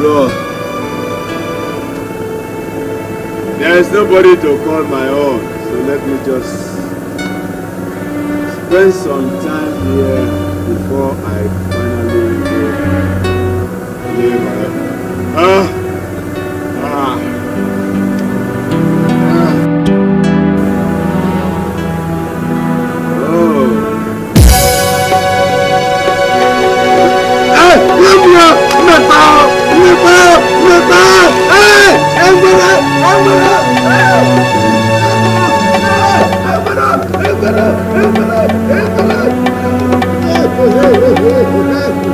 Lord. There is nobody to call my own, so let me just spend some time here before I finally leave. my ah, ah! ah. Oh! Hey! Lumia! Metal! Hey, hey, hey, hey, hey.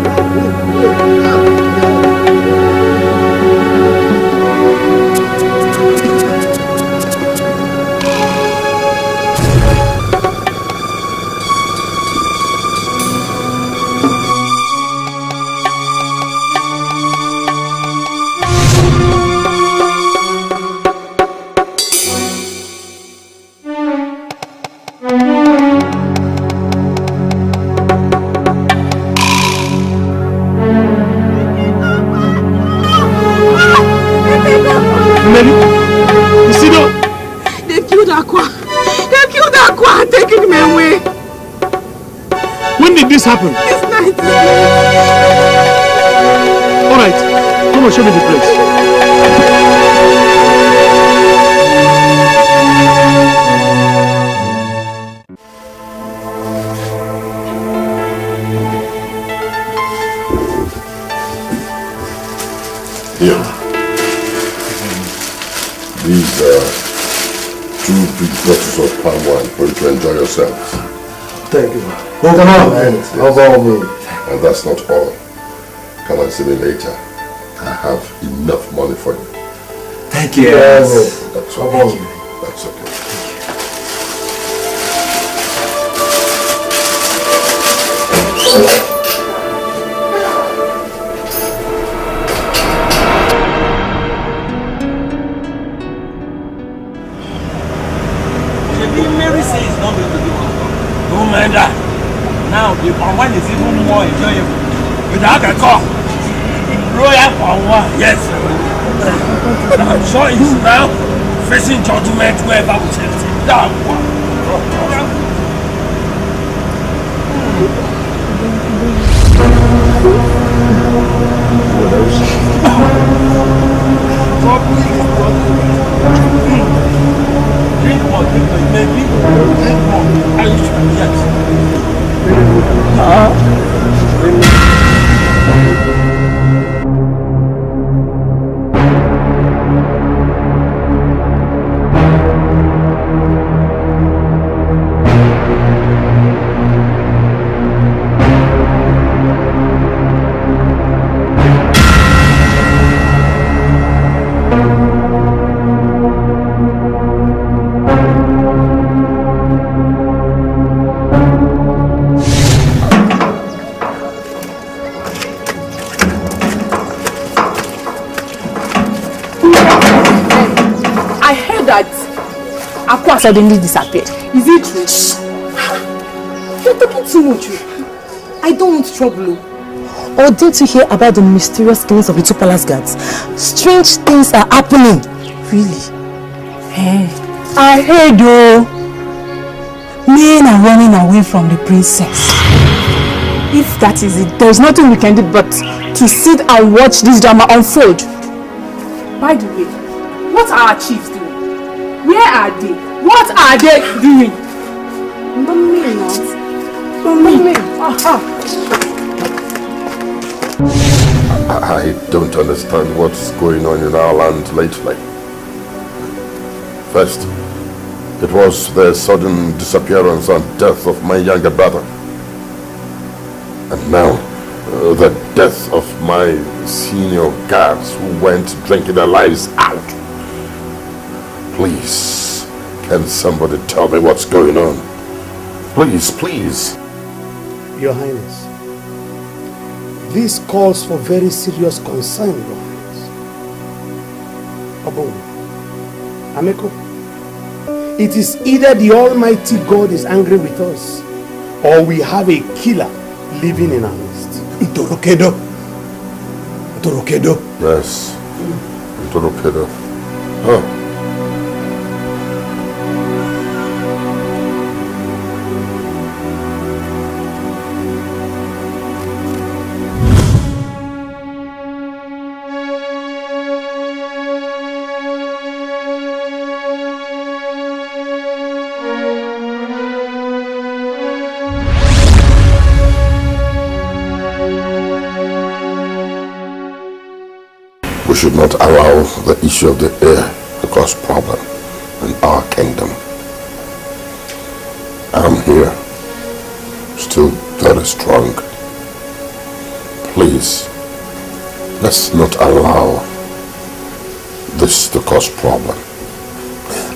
It's night. All right, come on, show me the place. Yeah. These uh, two big bottles of palm wine for you to enjoy yourself. Thank you. Hold on. Yes, me. And that's not all. Come and see me later. I have enough money for you. Thank you. Yes. That's okay. That's okay. or one is even more enjoyable without a cup. Royal for one, yes. I'm sure he's now facing judgment wherever we shall sit down. Drink more, drink more, maybe. Drink more. I used to, yes. 아. suddenly disappeared. Is it true? You're talking too much. I don't want trouble. Or did you hear about the mysterious killings of the two palace guards? Strange things are happening. Really? Hey, eh. I heard you. Oh. Men are running away from the princess. If that is it, there's nothing we can do but to sit and watch this drama unfold. By the way, what are our chiefs doing? Where are they? What are they doing? Mommy, not. Mommy. I don't understand what's going on in our land lately. First, it was the sudden disappearance and death of my younger brother. And now, uh, the death of my senior guards who went drinking their lives out. Please, can somebody tell me what's going on? Please, please. Your Highness, this calls for very serious concern, Your Highness. Obon, Ameko, it is either the Almighty God is angry with us, or we have a killer living in our midst. Ito Itorokedo. Yes. Itorokedo. Huh. issue of the air the cause problem in our kingdom. I'm here, still very strong. Please, let's not allow this to cause problem.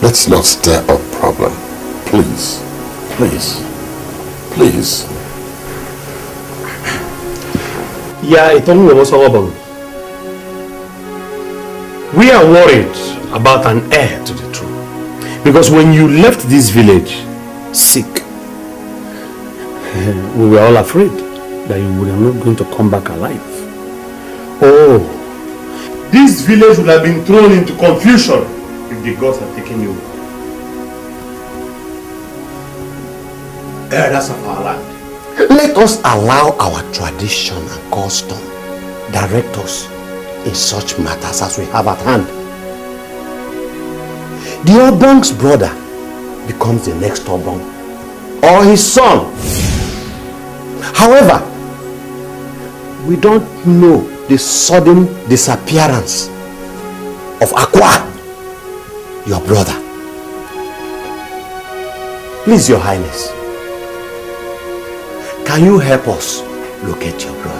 Let's not stir up problem. Please, please, please. Yeah, it only was a problem. We are worried about an heir to the throne. Because when you left this village sick, we were all afraid that you were not going to come back alive. Oh, this village would have been thrown into confusion if the gods had taken you. Elders eh, of our land. Let us allow our tradition and custom direct us in such matters as we have at hand. The Obong's brother becomes the next Obong or his son. However, we don't know the sudden disappearance of Aqua, your brother. Please, Your Highness, can you help us locate your brother?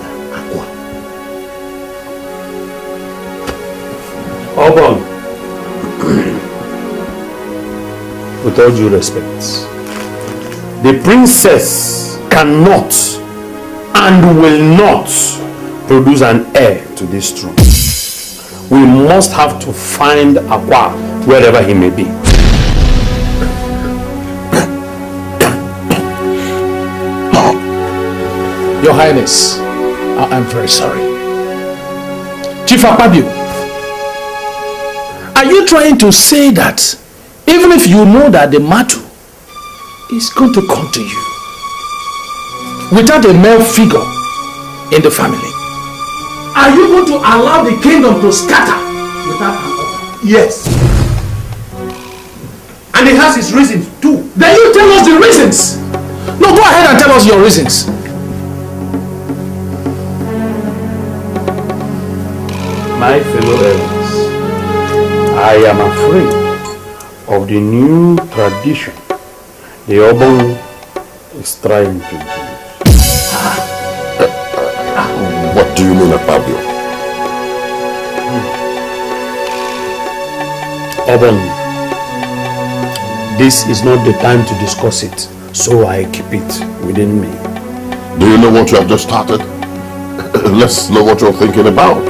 Obon, with all due respect, the princess cannot and will not produce an heir to this throne. We must have to find Akwa wherever he may be. Your Highness, I am very sorry. Chief Akpabio, Are you trying to say that even if you know that the matter is going to come to you without a male figure in the family? Are you going to allow the kingdom to scatter without an order? Yes. And it has its reasons too. Then you tell us the reasons. No, go ahead and tell us your reasons. My fellow um, I am afraid of the new tradition the urban is trying to do. What do you mean, Fabio? Hmm. Urban, this is not the time to discuss it, so I keep it within me. Do you know what you have just started? Let's know what you're thinking about.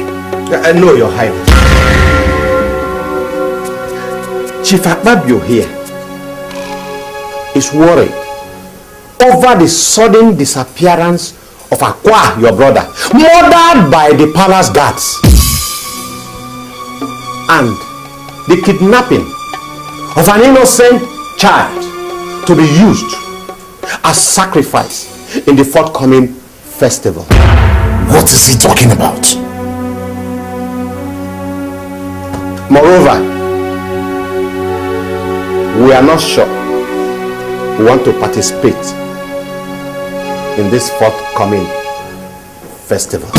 I know your highness. Chief you here is worried over the sudden disappearance of Aqua, your brother, murdered by the palace guards. And the kidnapping of an innocent child to be used as sacrifice in the forthcoming festival. What is he talking about? Moreover, we are not sure. We want to participate in this forthcoming festival.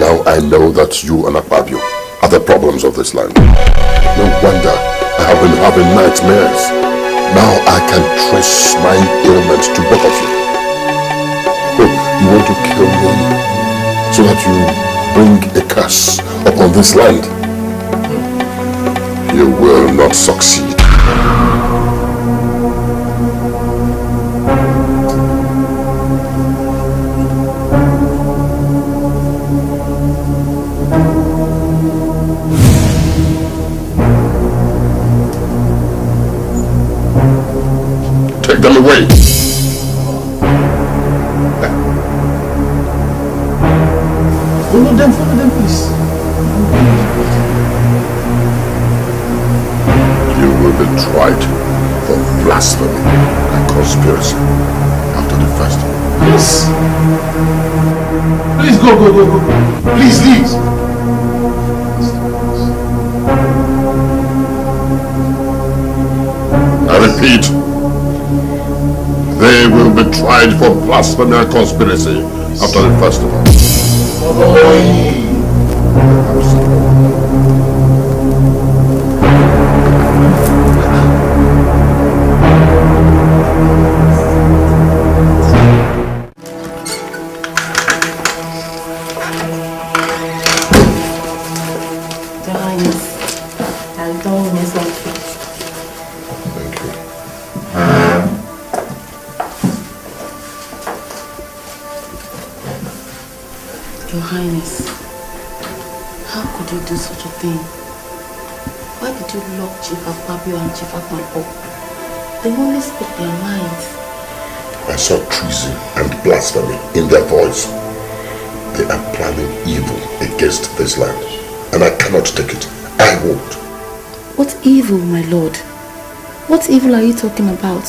Now I know that you and Akpabio are the problems of this land. No wonder I have been having nightmares. Now I can trace my ailments to both of you. Oh, you want to kill me so that you bring a curse upon this land? You will not succeed. blasphemy conspiracy after the festival. in their voice. They are planning evil against this land. And I cannot take it. I won't. What evil, my lord? What evil are you talking about?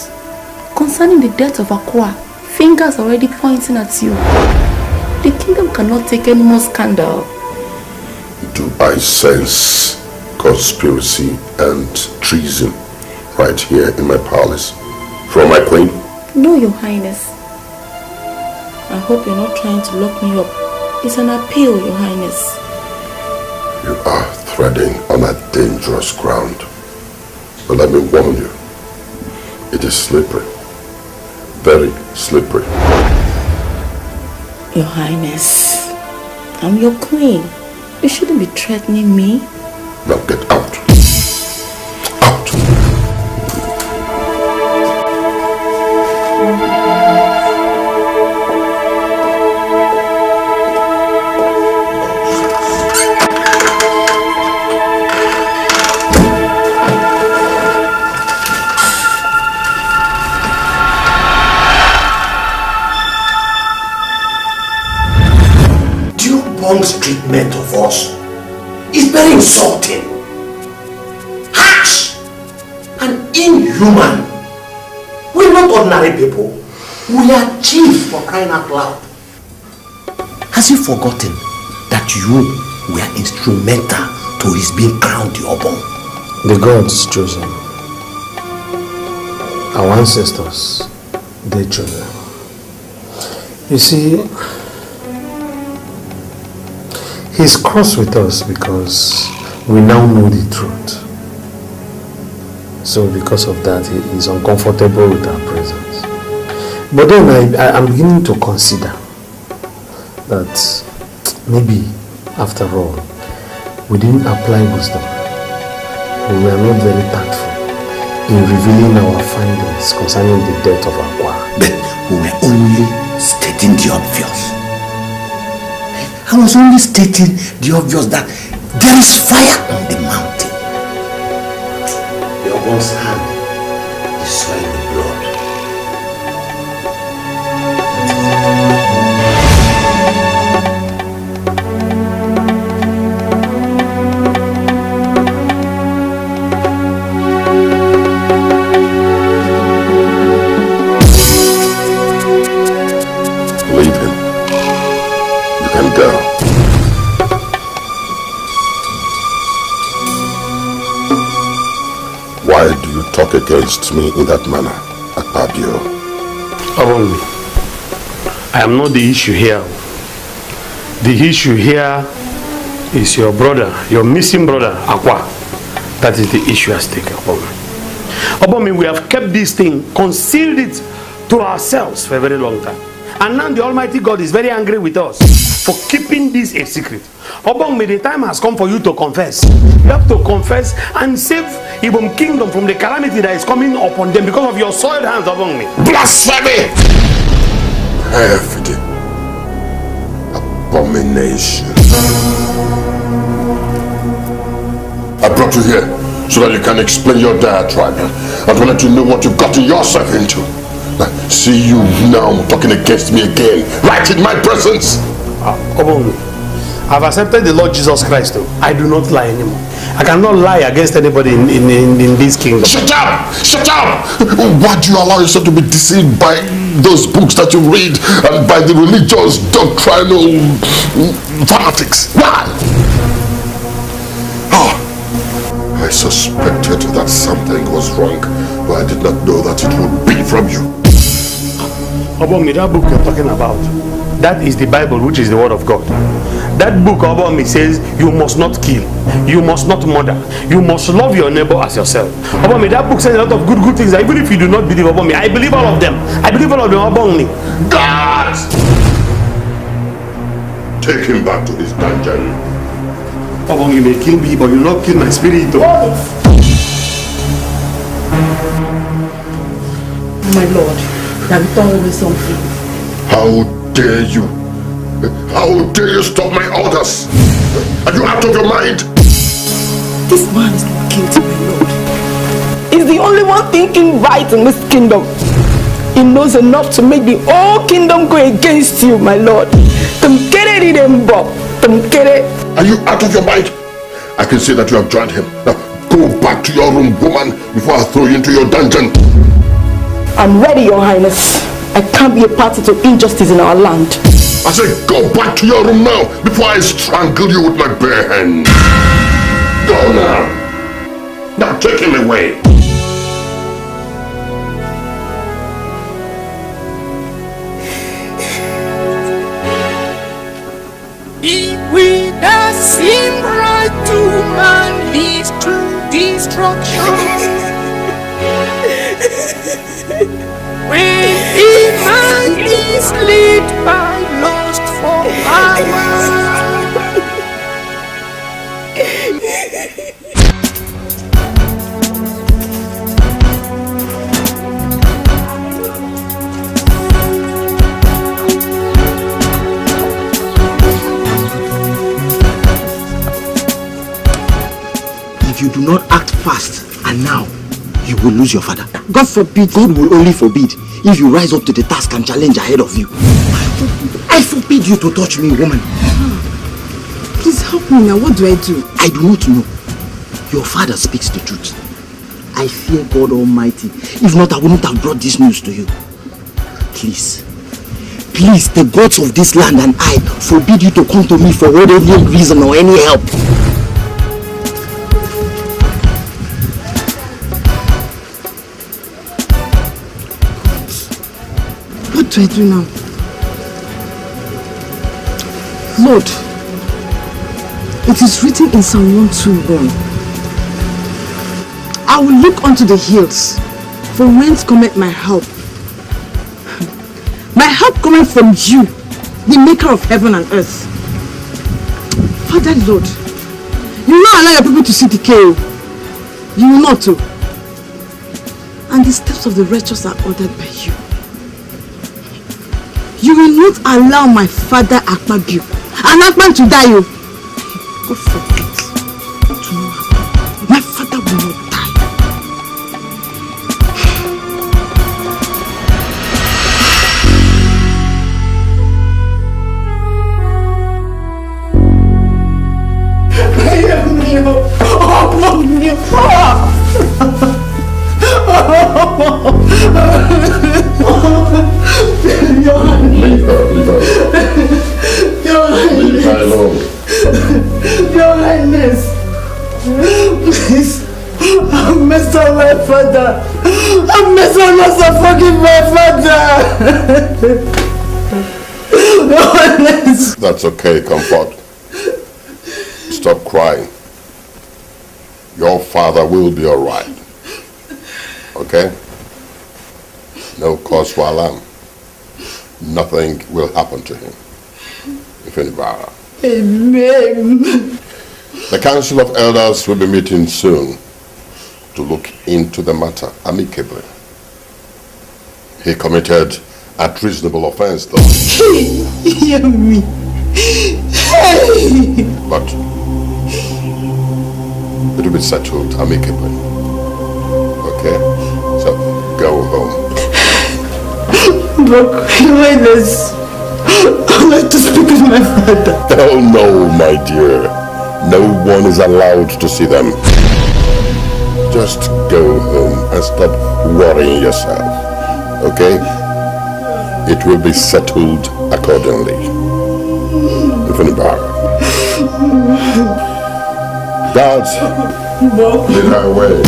Concerning the death of Aqua, fingers already pointing at you. The kingdom cannot take any more scandal. Do I sense conspiracy and treason right here in my palace? From my queen? No, your highness. I hope you're not trying to lock me up. It's an appeal, Your Highness. You are treading on a dangerous ground. But let me warn you, it is slippery. Very slippery. Your Highness, I'm your queen. You shouldn't be threatening me. Now get out. God's treatment of us is very insulting, harsh, and inhuman. We're not ordinary people. We are chief for crying out loud. Has he forgotten that you were instrumental to his being crowned the Obon? The gods chose him. Our ancestors, they chose him. You see, He's cross with us because we now know the truth. So because of that, he is uncomfortable with our presence. But then I, I, am beginning to consider that maybe, after all, we didn't apply wisdom. We were not very tactful in revealing our findings concerning the death of our choir. But we were only stating the obvious. I was only stating the obvious that there is fire on the mountain. Your boss hand is swelling. talk against me in that manner, Akpabio. Obonwe, I am not the issue here. The issue here is your brother, your missing brother, Akwa. That is the issue at stake, about me, we have kept this thing, concealed it to ourselves for a very long time. And now the Almighty God is very angry with us for keeping this a secret. Obong, the time has come for you to confess. You have to confess and save Ibom kingdom from the calamity that is coming upon them because of your soiled hands, Obong. Blasphemy! perfidy, abomination. I brought you here so that you can explain your diatribe and to let you know what you've gotten yourself into. see you now talking against me again, right in my presence. Uh, ah, Obong. I've accepted the Lord Jesus Christ. Though. I do not lie anymore. I cannot lie against anybody in, in, in, in this kingdom. Shut up! Shut up! Why do you allow yourself to be deceived by those books that you read and by the religious doctrinal fanatics? Why? Oh, I suspected that something was wrong, but I did not know that it would be from you. About me, that book you're talking about, that is the Bible, which is the Word of God. that book of me says you must not kill you must not murder you must love your neighbor as yourself ọba mi that book says a lot of good good things even if you do not believe ọba mi i believe all of them i believe all of them ọba mi. god. take him back to his dungeon. ọba mi you may kill me but you no kill my spirit o. Oh. my lord that we turn away something. how dare you How dare you stop my orders? Are you out of your mind? This man is not guilty, my lord. He's the only one thinking right in this kingdom. He knows enough to make the whole kingdom go against you, my lord. Are you out of your mind? I can see that you have joined him. Now, go back to your room, woman, before I throw you into your dungeon. I'm ready, your highness. I can't be a party to injustice in our land. I say go back to your room now before I strangle you with my bare hands. Go now. Now take him away. It would not seem right to man leads to destruction. When the man is led by lust for power. you do not act fast and now you will lose your father. God forbid. God will only forbid if you rise up to the task and challenge ahead of you. I forbid you to touch me, woman. please help me now. What do I do? I do not know. Your father speaks the truth. I fear God Almighty. If not, I wouldn't have brought this news to you. Please. Please, the gods of this land and I forbid you to come to me for whatever reason or any help. what do I do now? Lord, it is written in Psalm 121. I will look unto the hills, for whence cometh my help. My help cometh from you, the maker of heaven and earth. Father Lord, you will not allow your people to see decay. Oh. You will not. Oh. And the steps of the righteous are ordered by you. You will not allow my father Akpabio and Akpan to die. Oh. Go for it. will be all right. Okay? No cause for alarm. Nothing will happen to him. If anybody. Amen. The Council of Elders will be meeting soon to look into the matter amicably. He committed a treasonable offense, though. but It'll be settled amicably. Okay? So, go home. Look, why this? I'd like to speak with my father. Oh no, my dear. No one is allowed to see them. Just go home and stop worrying yourself. Okay? It will be settled accordingly. Even better. God's no. in her way.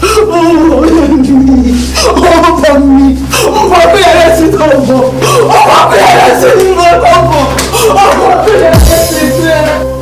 Oh, me. Over me. Over oh, in Over. Over parents in Over. Over parents in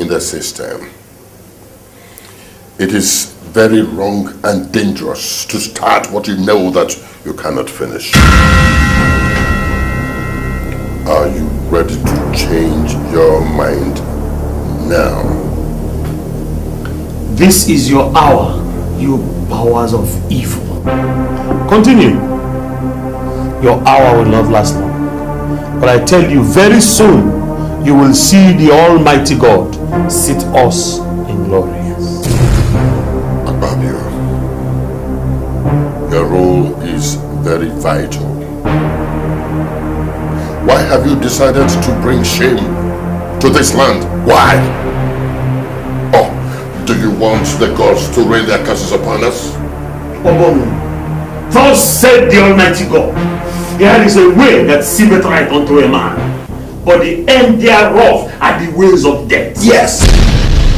in the system. It is very wrong and dangerous to start what you know that you cannot finish. Are you ready to change your mind now? This is your hour, you powers of evil. Continue. Your hour will not last long. But I tell you, very soon you will see the Almighty God seat us in glory. Ababio, your role is very vital. Why have you decided to bring shame to this land? Why? Oh, do you want the gods to rain their curses upon us? Obomu, thus said the Almighty God, there is a way that seemeth right unto a man but the end thereof are the ways of death. Yes.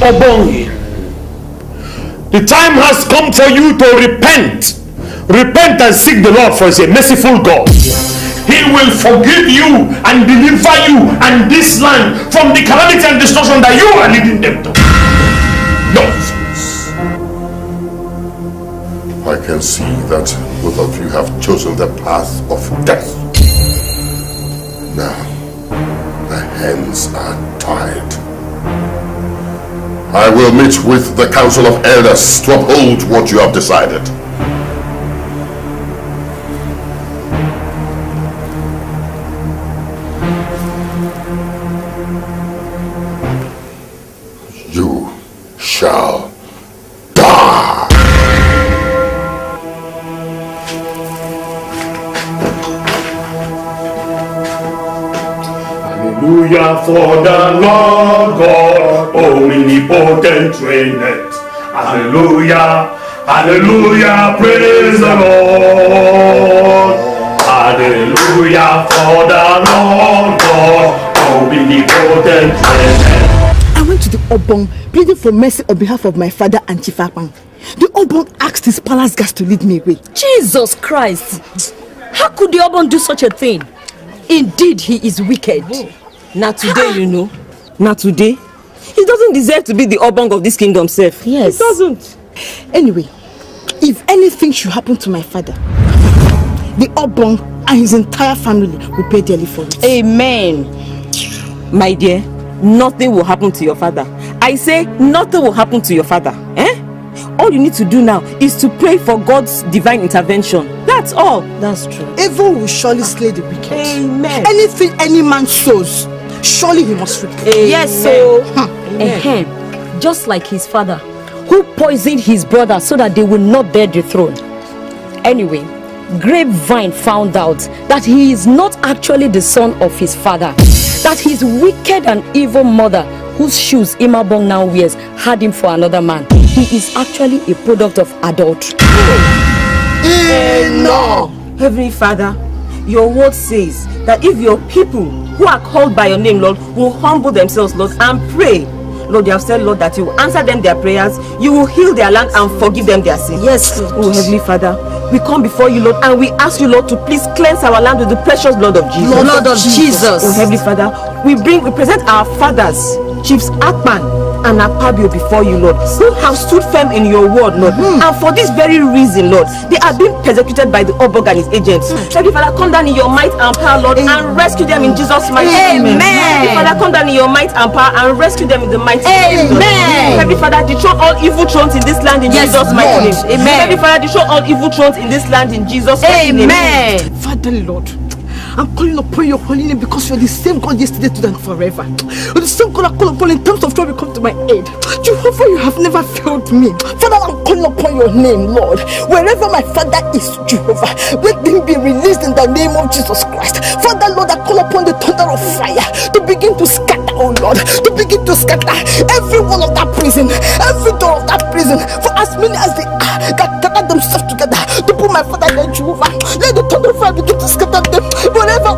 Obongi. The time has come for you to repent. Repent and seek the Lord for his merciful God. He will forgive you and deliver you and this land from the calamity and destruction that you are leading them to. Nonsense. I can see that both of you have chosen the path of death. hands are tied. I will meet with the Council of Elders to uphold what you have decided. Hallelujah. Hallelujah. Praise the Lord. Hallelujah for the Lord God. omnipotent. I went to the Obong pleading for mercy on behalf of my father and Chief Chifapang. The Obong asked his palace guards to lead me away. Jesus Christ! How could the Obong do such a thing? Indeed, he is wicked. Oh. Now today, you know. Now today, he doesn't deserve to be the obong of this kingdom, self. Yes. He doesn't. Anyway, if anything should happen to my father, the obong and his entire family will pay dearly for it. Amen. My dear, nothing will happen to your father. I say nothing will happen to your father. Eh? All you need to do now is to pray for God's divine intervention. That's all. That's true. Evil will surely slay the wicked. Amen. Anything any man sows, surely he must reap. Yes, so. Hmm. Amen. Just like his father, who poisoned his brother so that they will not bear the throne. Anyway, Grapevine found out that he is not actually the son of his father, that his wicked and evil mother, whose shoes Imabong now wears, had him for another man. He is actually a product of adultery. Enough! Heavenly Father, your word says that if your people who are called by your name, Lord, will humble themselves, Lord, and pray, Lord, they have said, Lord, that you will answer them their prayers, you will heal their land and forgive them their sins. Yes, Lord. Oh, Heavenly Father, we come before you, Lord, and we ask you, Lord, to please cleanse our land with the precious blood of Jesus. Lord Lord of oh, Jesus. Jesus. Oh, Heavenly Father, we bring, we present our fathers, Chiefs Akman, and Akpabio before you, Lord, who have stood firm in your word, Lord. Mm. And for this very reason, Lord, they are being persecuted by the Obog and his agents. Mm. Heavenly Father, come down in your might and power, Lord, Amen. and rescue them in Jesus' mighty name. Amen. Heavenly Father, come down in your might and power and rescue them in the mighty name. Amen. Heavenly Father, destroy all evil thrones in this land in yes, Jesus' mighty name. Amen. Heavenly Father, destroy all evil thrones in this land in Jesus' mighty name. Amen. Father, Lord. I'm calling upon your holy name because you're the same God yesterday, today, and forever. You're the same God I call upon in times of trouble come to my aid. Jehovah, you have never failed me. Father, I'm calling upon your name, Lord. Wherever my father is, Jehovah, let him be released in the name of Jesus Christ. Father, Lord, I call upon the thunder of fire to begin to scatter, oh Lord, to begin to scatter every wall of that prison, every door of that prison, for as many as they are that gather themselves together to put my father in Jehovah. Let the thunder of fire begin to scatter them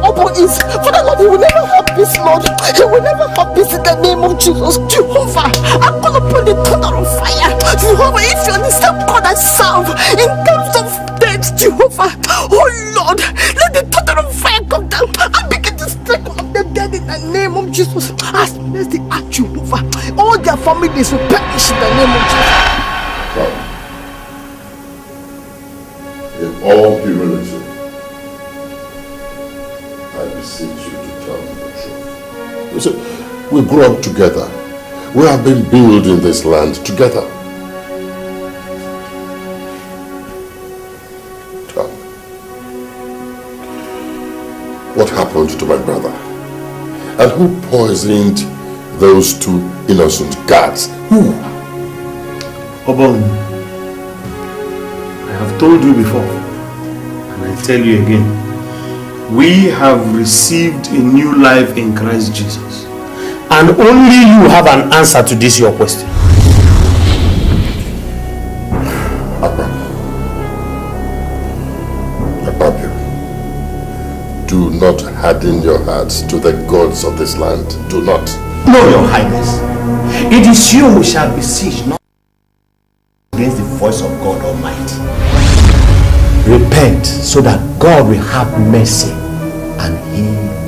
and is, Father Lord, He will never have peace, Lord. He will never have peace in the name of Jesus. Jehovah, I call upon the thunder of fire. Jehovah, if you understand God I serve in terms of death, Jehovah, oh Lord, let the thunder of fire come down and begin to strike all of the dead in the name of Jesus. As mercy at Jehovah, all their families will perish in the name of Jesus. Father, in all humility, deceives you to tell the truth. You see, we grew up together. We have been building this land together. What happened to my brother? And who poisoned those two innocent guards? Who? Obon, I have told you before, and I tell you again we have received a new life in Christ Jesus. And only you have an answer to this your question. do not harden your hearts to the gods of this land. Do not. No, your highness. It is you who shall besiege, not against the voice of God Almighty. Repent so that God will have mercy and heal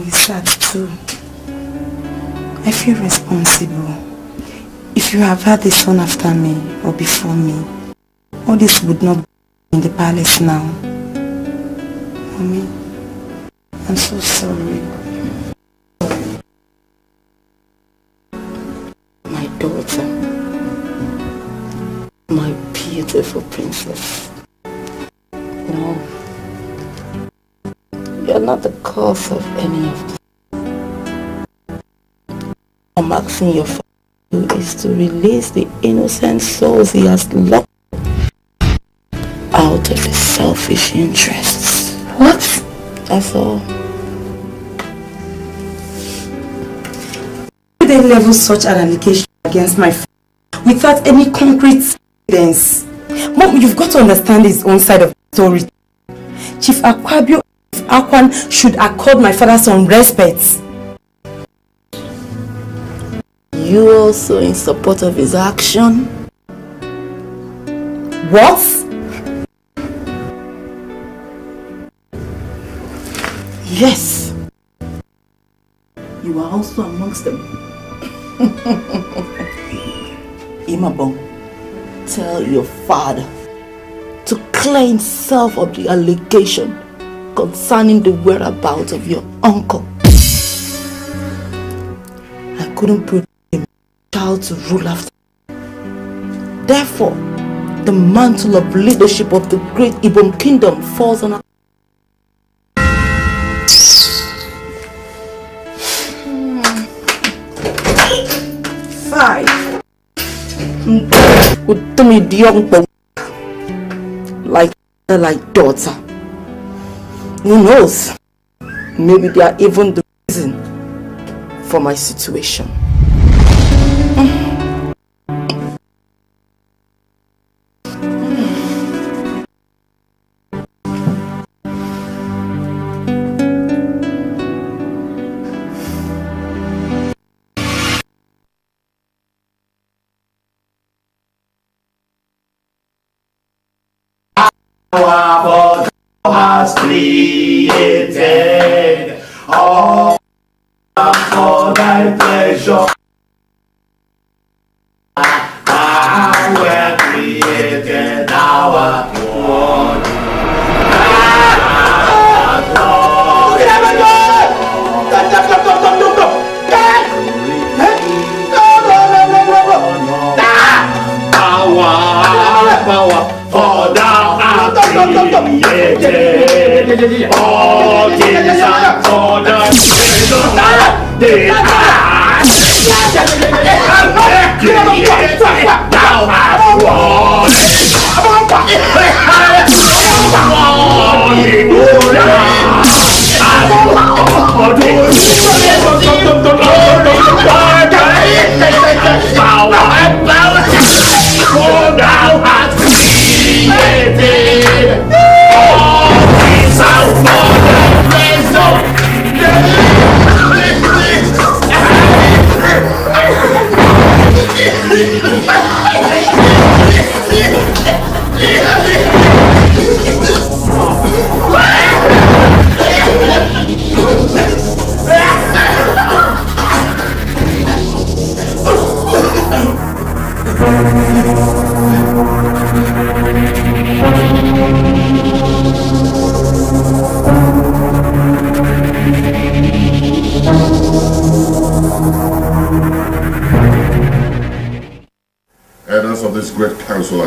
is sad too. I feel responsible. If you have had a son after me or before me, all this would not be in the palace now. Mommy, I'm so sorry. My daughter, my beautiful princess. No. You're not the cause of any of this. I'm asking your father is to release the innocent souls he has locked out of his selfish interests. What? That's all. They level such an allegation against my father without any concrete evidence. Mom, you've got to understand his own side of the story. Chief Aquabio Akwan should accord my father some respect. You also in support of his action? What? Yes. You are also amongst them. Imabong, tell your father to clear himself of the allegation concerning the whereabouts of your uncle. I couldn't put a child to rule after. Therefore, the mantle of leadership of the great Ibom kingdom falls on us. Five. me like like daughter. Who knows? Maybe they are even the reason for my situation. Wow was created all for thy pleasure. 爷爷爷，包金山做的大鸡蛋。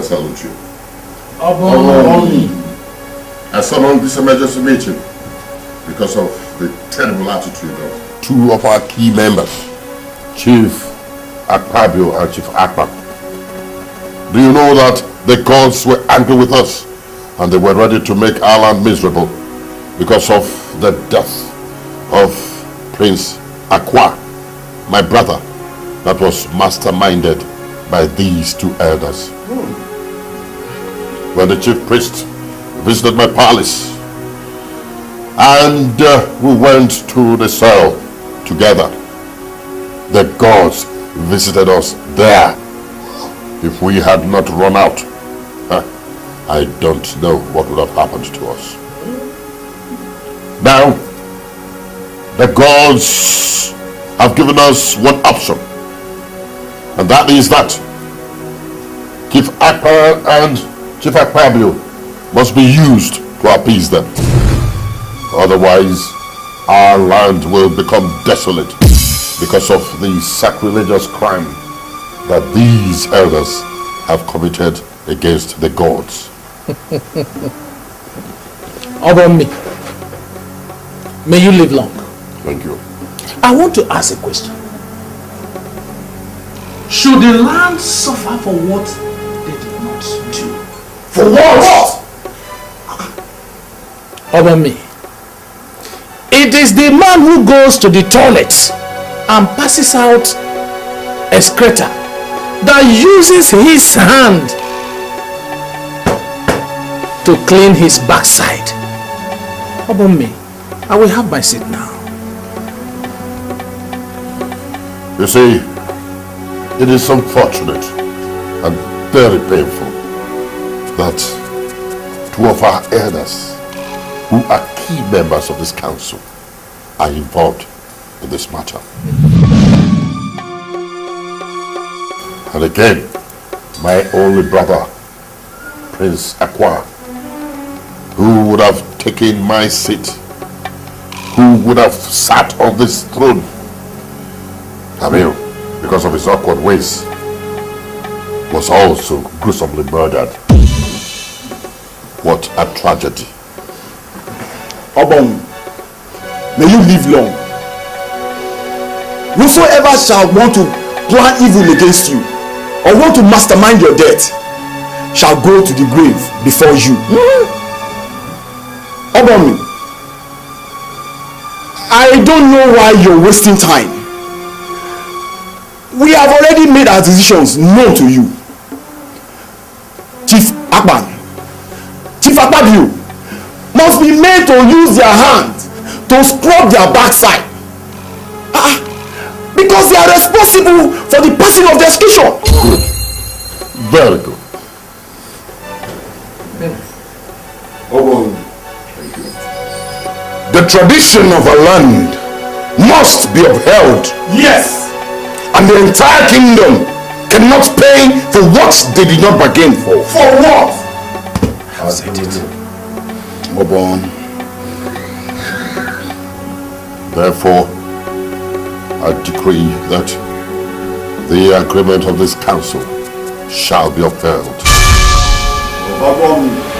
salute you. I As this emergency meeting because of the terrible attitude of two of our key members, Chief Akpabio and Chief Akpab. Do you know that the gods were angry with us and they were ready to make our land miserable because of the death of Prince Akwa, my brother, that was masterminded by these two elders. Hmm when the chief priest visited my palace. And uh, we went to the cell together. The gods visited us there. If we had not run out, I don't know what would have happened to us. Now, the gods have given us one option. And that is that. Give Akbar and Chief must be used to appease them. Otherwise, our land will become desolate because of the sacrilegious crime that these elders have committed against the gods. Over me. May you live long. Thank you. I want to ask a question. Should the land suffer for what they did not do? For what? Over me. It is the man who goes to the toilet and passes out a excreta that uses his hand to clean his backside. Over me. I will have my seat now. You see, it is unfortunate and very painful that two of our elders, who are key members of this council, are involved in this matter. And again, my only brother, Prince Aqua, who would have taken my seat, who would have sat on this throne, Camille, because of his awkward ways, was also gruesomely murdered what a tragedy. Obon, may you live long. Whosoever shall want to plan evil against you or want to mastermind your death shall go to the grave before you. Mm-hmm. I don't know why you're wasting time. We have already made our decisions known to you. Chief Akban, you must be made to use their hand to scrub their backside ah, ah. because they are responsible for the passing of the execution. Good. Very good. the tradition of a land must be upheld. Yes. And the entire kingdom cannot pay for what they did not bargain for. For what? said it. Obon. Therefore, I decree that the agreement of this council shall be upheld. Obon.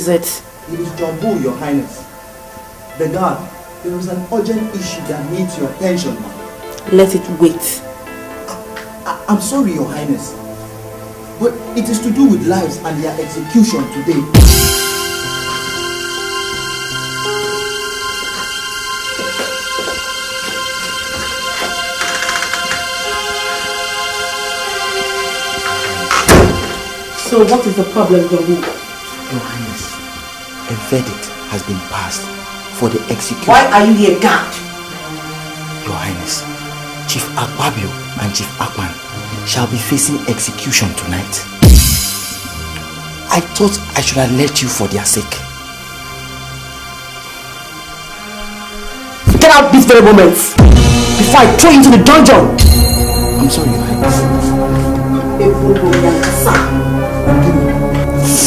is it? It is Jambu, Your Highness. The guard, there is an urgent issue that needs your attention, ma'am. Let it wait. I, am sorry, Your Highness. But it is to do with lives and their execution today. So what is the problem, Jambu? Your Highness verdict has been passed for the execution. Why are you here guard? Your Highness, Chief Akpabio and Chief Akman shall be facing execution tonight. I thought I should have let you for their sake. Get out this very moment before I throw you into the dungeon. I'm sorry, Your Highness.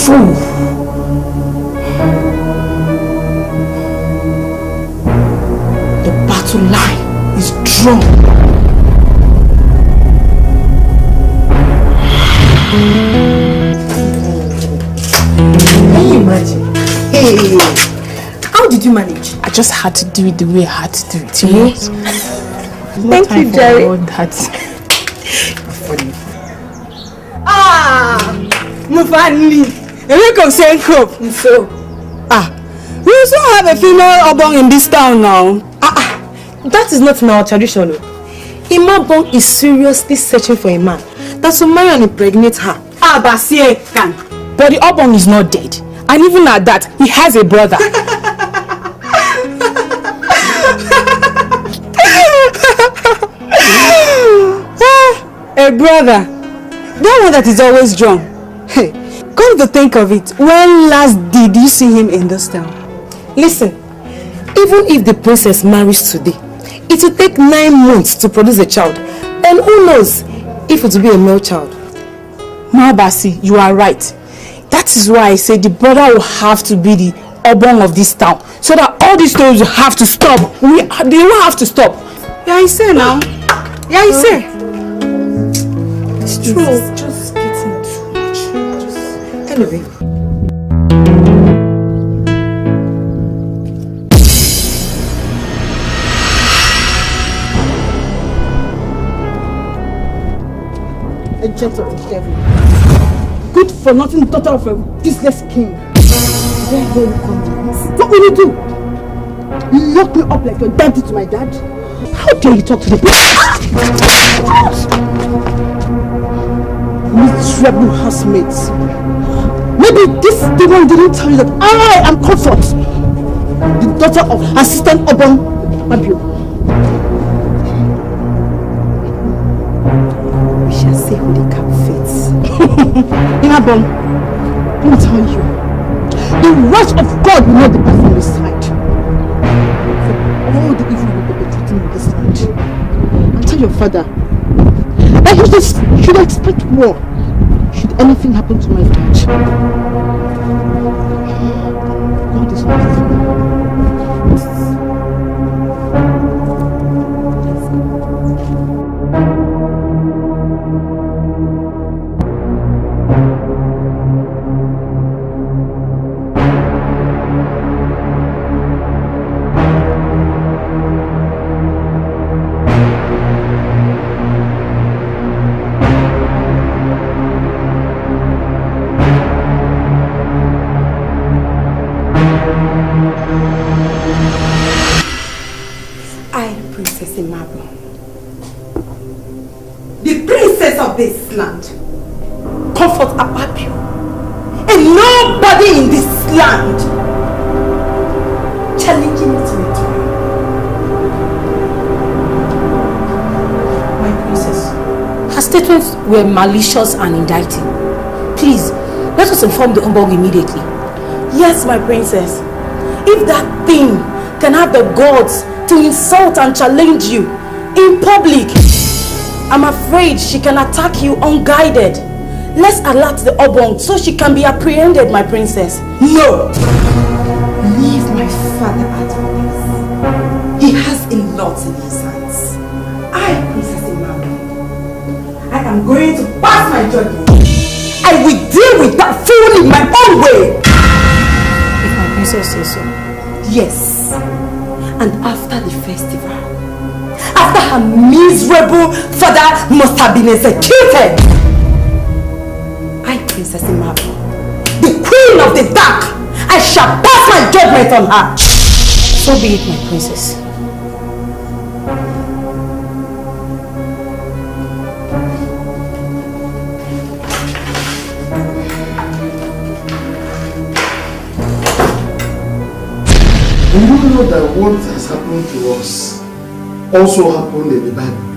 Fool! strong. Can you imagine? Hey, how did you manage? I just had to do it the way I had to do it. You know? Thank you, Jerry. All that. Funny. Ah, Mufani. Eweko Senko. So. Ah, we also have a female obong in this town now. That is not in our tradition. Bong is seriously searching for a man that will marry and impregnate her. Abasie ah, eh, can. But the Obong is not dead. And even at that, he has a brother. Eh, a brother. That one that is always drunk. Hey, come to think of it, when last did you see him in this town? Listen, even if the princess marries today, it will take nine months to produce a child. And who knows if it will be a male child. Mabasi, you are right. That is why I say the brother will have to be the urban of this town. So that all these stories will have to stop. We, they will have to stop. Yeah, I say now. Yeah, I say. It's true. just getting too much. Anyway. a gentle of the devil. Good for nothing daughter of a useless king. Where are you What will you do? You lock me up like your daddy to my dad? How dare you talk to the Miserable housemates. Maybe this demon didn't tell you that I am comfort. The daughter of assistant Urban Mabio. They can fit. Inabom, I'm telling you, the wrath of God will not depart from this side. For all the evil will be perpetrating in this land. And tell your father that he just should expect war should anything happen to my dad. malicious and indicting. Please, let us inform the humbug immediately. Yes, my princess. If that thing can have the gods to insult and challenge you in public, I'm afraid she can attack you unguided. Let's alert the Obong so she can be apprehended, my princess. No! Leave my father at peace. He has a lot in his hand. am going to pass my judgment. I will deal with that fool in my own way. If my princess says so. Yes. And after the festival, after her miserable father must have been executed, I, Princess Imabu, the queen of the dark, I shall pass my judgment on her. So be it, my princess. what has happened to us also happened in the Bible.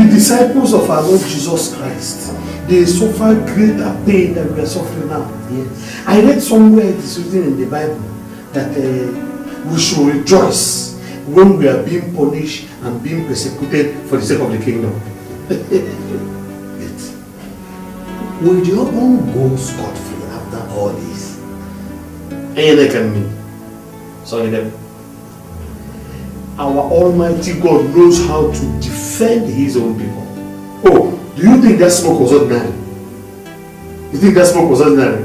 The disciples of our Lord Jesus Christ, they suffered greater pain than we are suffering now. Yes. I read somewhere it is written in the Bible that uh, we should rejoice when we are being punished and being persecuted for the sake of the kingdom. Will your own go scot-free after all this? Any can Sorry, them our Almighty God knows how to defend His own people. Oh, do you think that smoke was ordinary? You think that smoke was ordinary?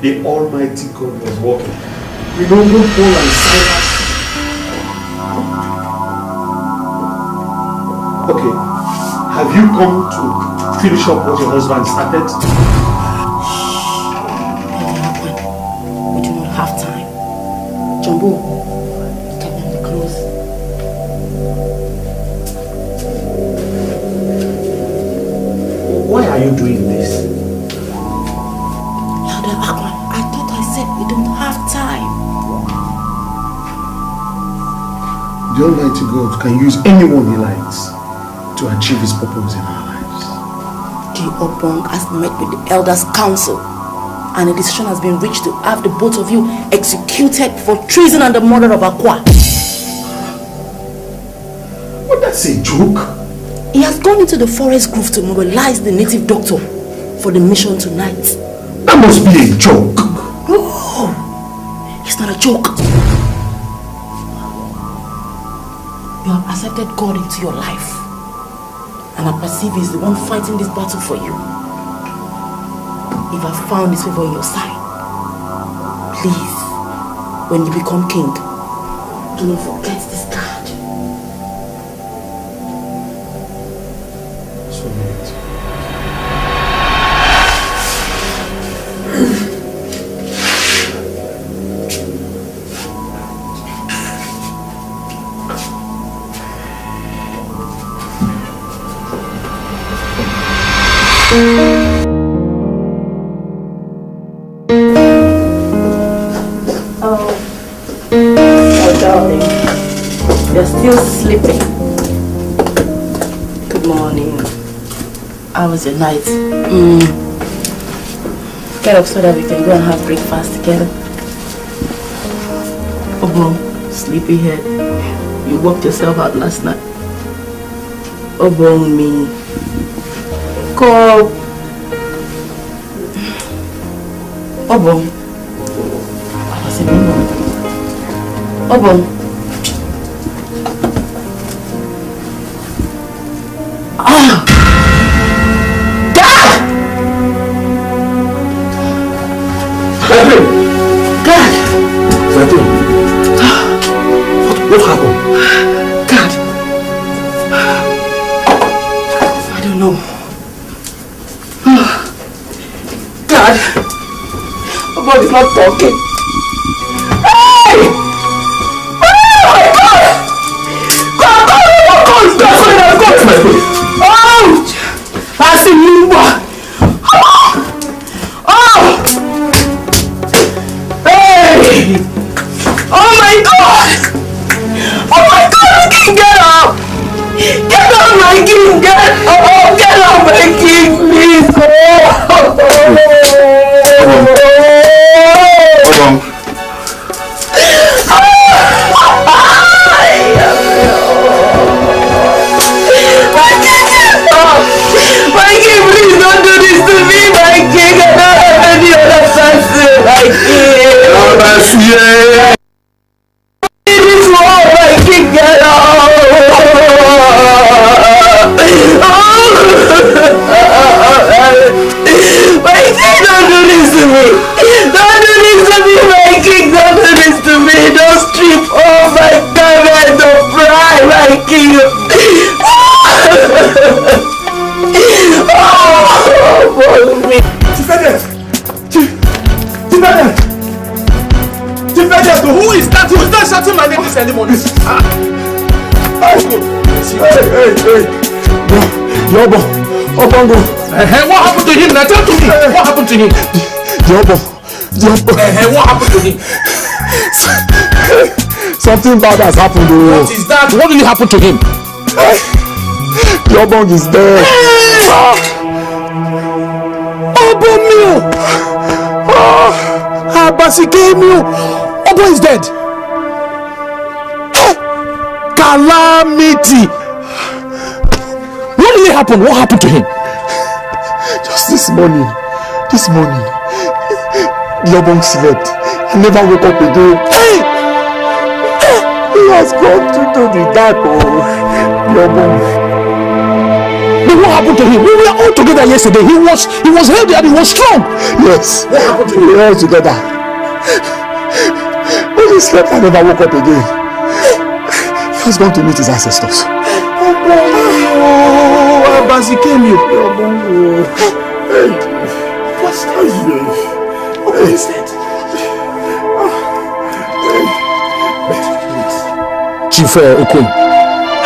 the Almighty God was working. We don't know Paul and Silas. Okay, have you come to finish up what your husband started? We do not have Jumbo, Almighty God can use anyone He likes to achieve His purpose in our lives. The Obong has met with the Elders' Council and a decision has been reached to have the both of you executed for treason and the murder of Aqua. What, that's a joke? He has gone into the forest grove to mobilize the native doctor for the mission tonight. That must be a joke. No, it's not a joke. You have accepted God into your life. And I perceive He's the one fighting this battle for you. If I found His favor in your side, please, when you become king, do not forget night. Mm. Get up so that we can go and have breakfast together. Oh, bro, sleepyhead. You worked yourself out last night. Oh, bro, me. Go. Oh, bro. I was a Oh, bro. pocket Hey, hey, Hey, what happened to him? Now tell to me. What happened to him? Yobo, Yobo. Hey, what happened to him? Something bad has happened to him. What is that? What really happened to him? Yobo is dead. me, Obo mio. Abasike mio. Obo is dead calamity. What really happened? What happened to him? Just this morning, this morning, Lobong slept. He never woke up again. He has gone to the dark, oh, Lobong. But what happened to him? We were all together yesterday. He was he was healthy and he was strong. Yes. What happened to him? We were all together. When he slept, I never woke up again. He's going to meet his ancestors. What is that? Chief uh, Okun,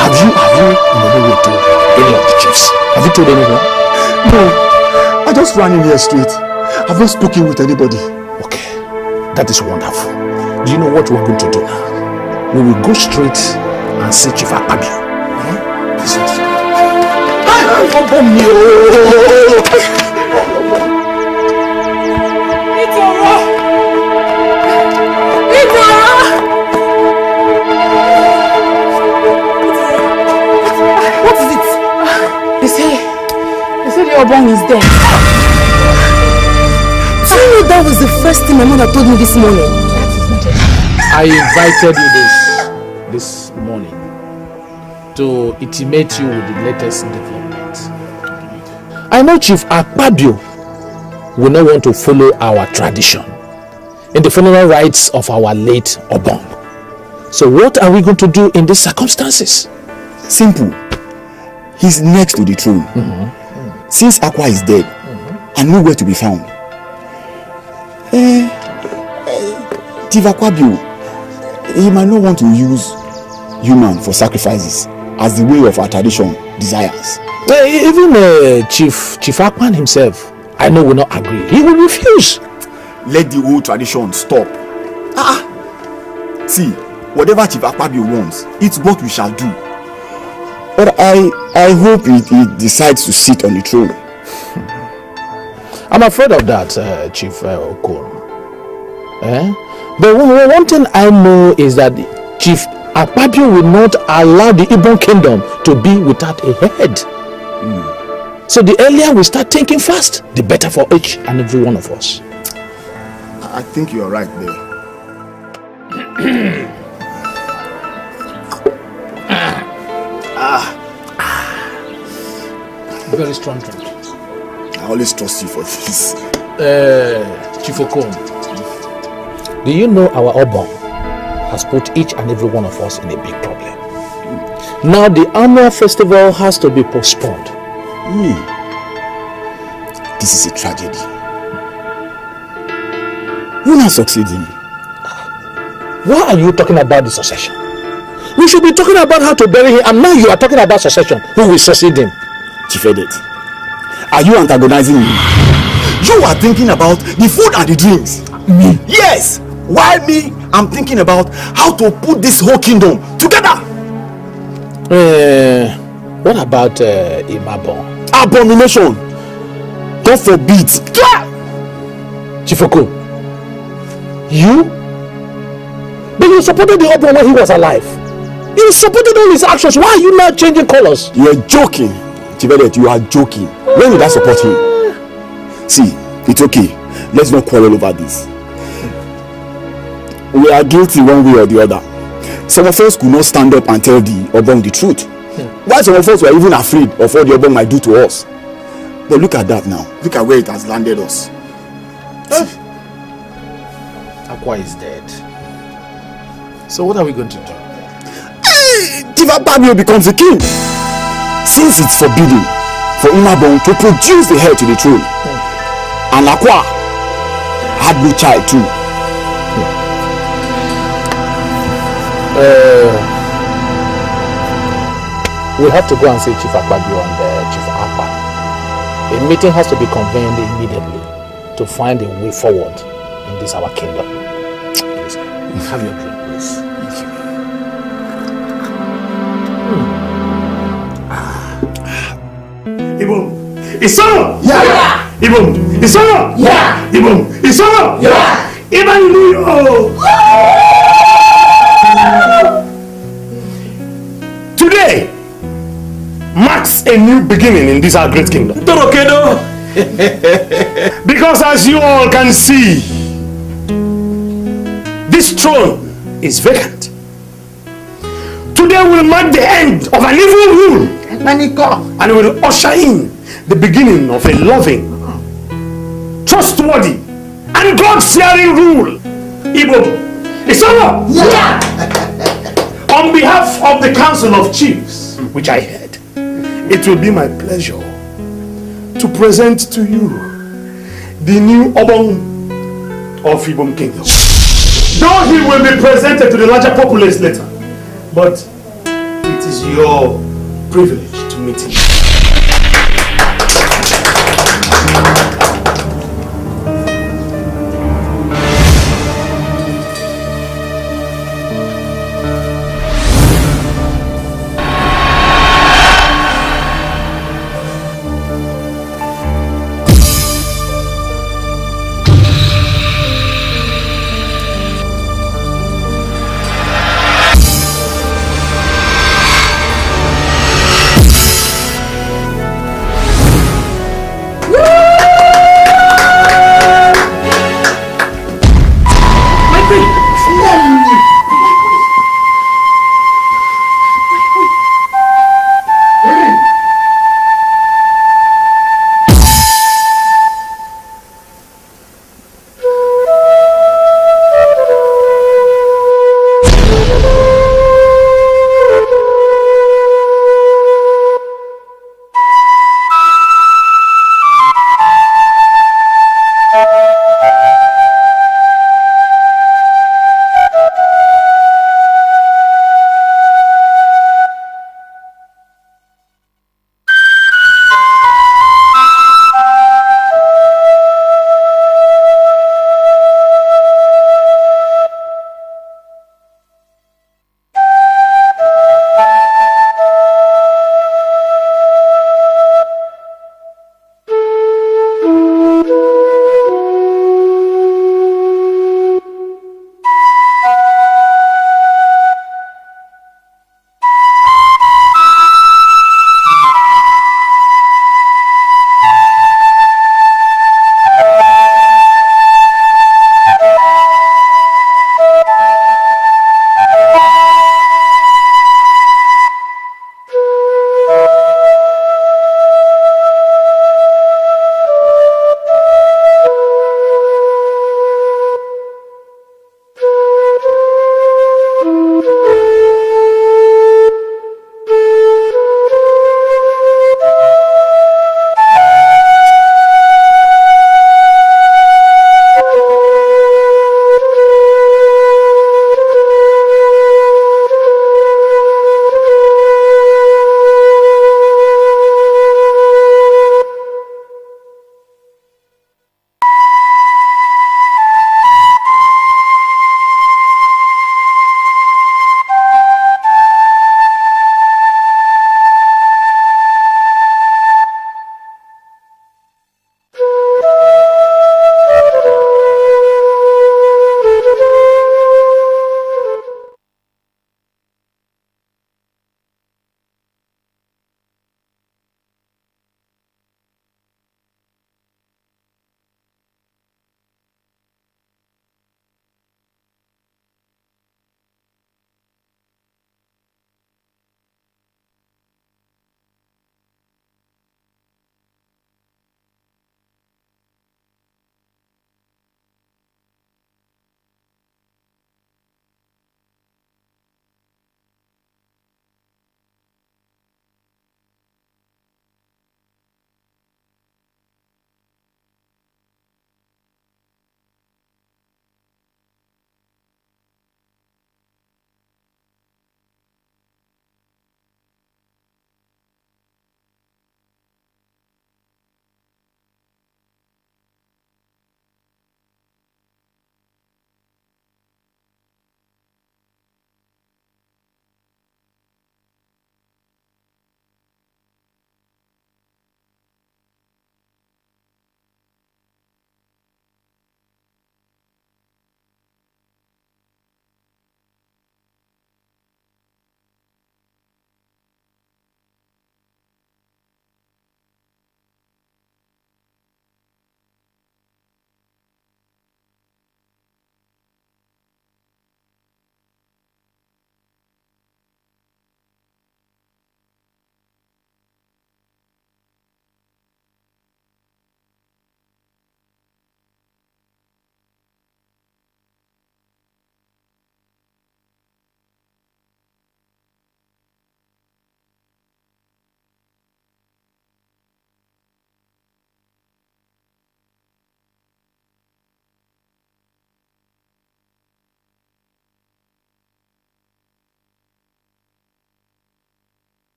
have you have you in any way told any of the chiefs? Have you told anyone? No, I just ran in here straight. I've not spoken with anybody. Okay, that is wonderful. Do you know what we're going to do now? We will go straight and say Chief Abi. Ọgbọ́n What is it? They say, they say the Obong is dead. Do you know that was the first thing my mother told me this morning? I invited you this this morning. to intimate you with the latest development. I know Chief Akpabio will not want to follow our tradition in the funeral rites of our late Obong. So what are we going to do in these circumstances? Simple. He's next to the throne. Mm -hmm. Since Aqua is dead mm -hmm. and nowhere to be found, eh, eh, Tivakwabiu, he might not want to use human for sacrifices as the way of our tradition desires. even uh, Chief Chief Akpan himself, I know will not agree. He will refuse. Let the old tradition stop. Ah, ah, see, whatever Chief Akpabio wants, it's what we shall do. But I, I hope he, he decides to sit on the throne. I'm afraid of that, uh, Chief uh, Okon. Eh? But one, one thing I know is that Chief Akpabio will not allow the Igbo kingdom to be without a head. Mm. So the earlier we start thinking fast, the better for each and every one of us. I think you're right there. ah. Very strong drink. I always trust you for this. Uh, eh, Chifokon, do you know our Obon? has put each and every one of us in a big problem. Now the annual festival has to be postponed. Mm. This is a tragedy. We're not succeeding. Why are you talking about the succession? We should be talking about how to bury him, and now you are talking about succession. Who will succeed him? Chief Edit, are you antagonizing me? You are thinking about the food and the drinks. Me? Yes! Why me? I'm thinking about how to put this whole kingdom together. Uh, what about uh, eh, Imabon? Abomination. God forbid. Yeah. Chifoko, you? But you supported the Obon when he was alive. You supported all his actions. Why are you now changing colors? You are joking. Chivedet, you are joking. When did I support him? See, it's okay. Let's not quarrel over this we are guilty one way or the other. Some of us could not stand up and tell the Obong the truth. Yeah. Why some of us were even afraid of what the Obong might do to us. But look at that now. Look at where it has landed us. Huh? Aqua is dead. So what are we going to do? Diva Babio becomes the king. Since it's forbidden for Imabong to produce the heir to the throne. And Aqua had no child too. Uh, we'll have to go and see Chief Akpabio and uh, Chief Apa. A meeting has to be convened immediately to find a way forward in this our kingdom. Please, have your drink, please. Thank you. Hmm. it's on! Yeah! it's on! Yeah! it's on! Yeah! Ibom, Today marks a new beginning in this our great kingdom. Torokedo! because as you all can see, this throne is vacant. Today will mark the end of an evil rule and will usher in the beginning of a loving, trustworthy, and God-fearing rule. Igbo, it's over! Yeah! on behalf of the Council of Chiefs, which I head, it will be my pleasure to present to you the new urban of Ibom Kingdom. Though he will be presented to the larger populace later, but it is your privilege to meet him.